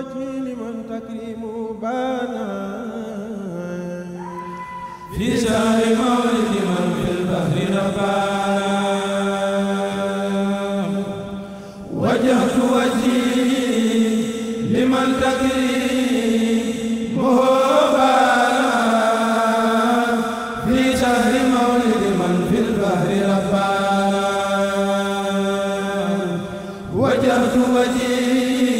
وجهي لمن تكريم بانا في شهر مولد من في البحر نبانا وجهت وجهي لمن تكريم بانا في شهر مولد من في البحر ربانا وجهت وجهي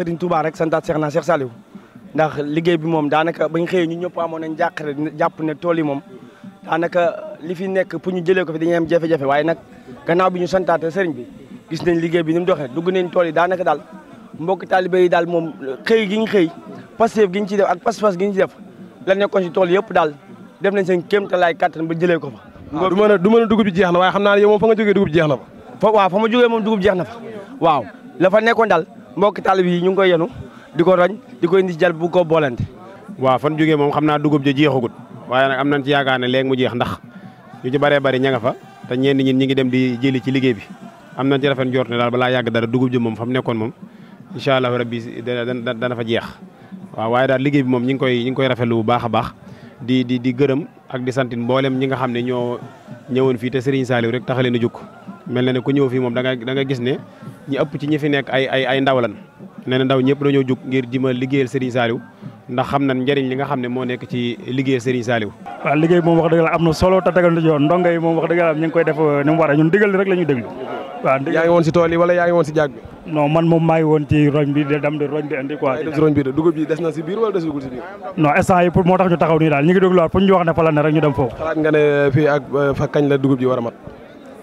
Serigne Touba rek santaat Cheikh naa Cheikh Saliou ndax liggéey bi moom daanaka bañ xëyee ñu ñëpp amoon nañ jàqare jàpp ne tool yi moom daanaka li fi nekk pour ñu jëlee ko fi dañuy am jafe waaye nag gannaaw bi ñu santaate Serigne bi gis nañ liggéey bi ni mu dugg nañ tool yi daanaka daal mbokk taalibe yi daal moom gi ñu xëy passeef gi ñu ci def ak pas-pas gi ñu ci si tool yëpp daal def nañ seen kéemtalaay kattan ba jëlee ko fa ah, du mën a du mën a dugub ji jeex na waaye xam naa ne moom fa nga jeex na fa waaw fa ma jógee moom dugub jeex na fa waaw la daal mbokki talib yi ñu ngi koy yenu di ko roñ di ko indi jal bu ko boolente waa fan jógee moom xam naa dugub ji jeexagut waaye nag am nañ ci yaakaar ne léegi mu jeex ndax ñu ci bëree bëri ña nga fa te ñenn ñi ñi ngi dem di jëli ci liggéey bi am nañ ci rafet njort ne daal balaa yàgg dara dugub ji moom fa mu nekkoon moom incha allahu rabbi dana fa jeex waaw waaye daal liggéey bi moom ñi ngi koy ñi ngi koy rafetlu bu baax a baax di di di gërëm ak di santin mboolem ñi nga xam ne ñoo ñëwoon fii te Serigne Saliou rek taxaleen a jóg mel na ne ku ñëw fii moom da nga da nga gis ne ñi ëpp ci ñi fi nekk ay ay ay ndaw lan nee na ñëpp dañoo jóg ngir jima liggéeyal Serigne Saliou ndax xam nañ njëriñ li nga xam ne moo nekk ci liggéeyal Serigne Saliou waaw liggéey moom wax dëgg am na solo te tegal na yoon ndongo yi moom wax dëgg la uh, a ñun digal rek la ñuy déglu waaw yaa yi de na si biir wala desugul si biir non tax ñu taxaw nii daal ñu ngi dégluwaat pour ñu wax ne fa rek ñu dem foofu xalaat nga ne fii ak uh, fa kañ la dugub ji war a mat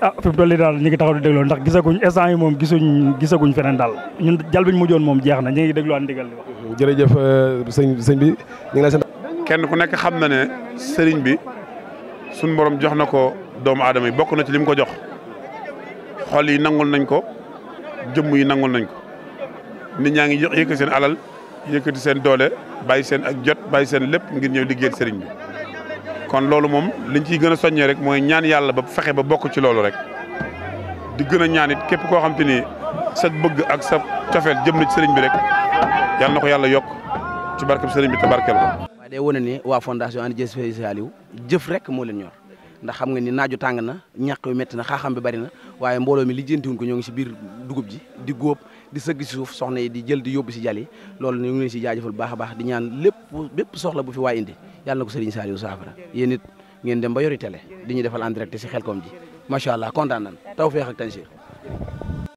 ah fi mu toll nii daal ñu ngi taxaw di déglu ndax gisaguñ instant yi moom gisuñ gisaguñ feneen daal ñun jal biñ mujjoon moom jeex na ñu ngi dégluwaat ndigal li wax. jërëjëf euh, sëñ sëñ bi ñu ngi lay sant. kenn ku nekk xam na ne sëriñ bi suñ borom jox na ko doomu aadama yi bokk na ci li ko jox xol yi nangul nañ ko jëmm yi nangul nañ ko nit ñaa ngi yëkkati seen alal yëkkati seen doole bàyyi seen ak jot bàyyi seen lépp ngir ñëw liggéeyal sëriñ bi. kon loolu moom li liñ ciy gën a soññee rek mooy ñaan yàlla ba fexe ba bokk ci loolu rek di gën a ñaan képp koo xam te ni sa bëgg ak sa cofeel jëm na ci sëriñ bi rek yàlla na ko yàlla yokk ci barkeb sëriñ bi te barkeel ko. waaye day wane ni waa fondation Ande Dieu Aliou jëf rek moo leen ñor ndax xam nga ni naaju tàng na ñàq yu metti na xaa xam bi bari na waaye mbooloo mi lijjantiwuñ ko ñoo ngi si biir dugub ji di góob di sëgg suuf soxna yi di jël di yóbbu si jali loolu ñu ngi si jaajëfal baax a baax di ñaan lépp bépp soxla bu fi waay indi yàlla na ko Serigne Saliou saafara yéen it ngeen dem ba yori télé di ñu defal en direct si Xelcom ji macha allah kontaan nan tawfeex ak Tanzil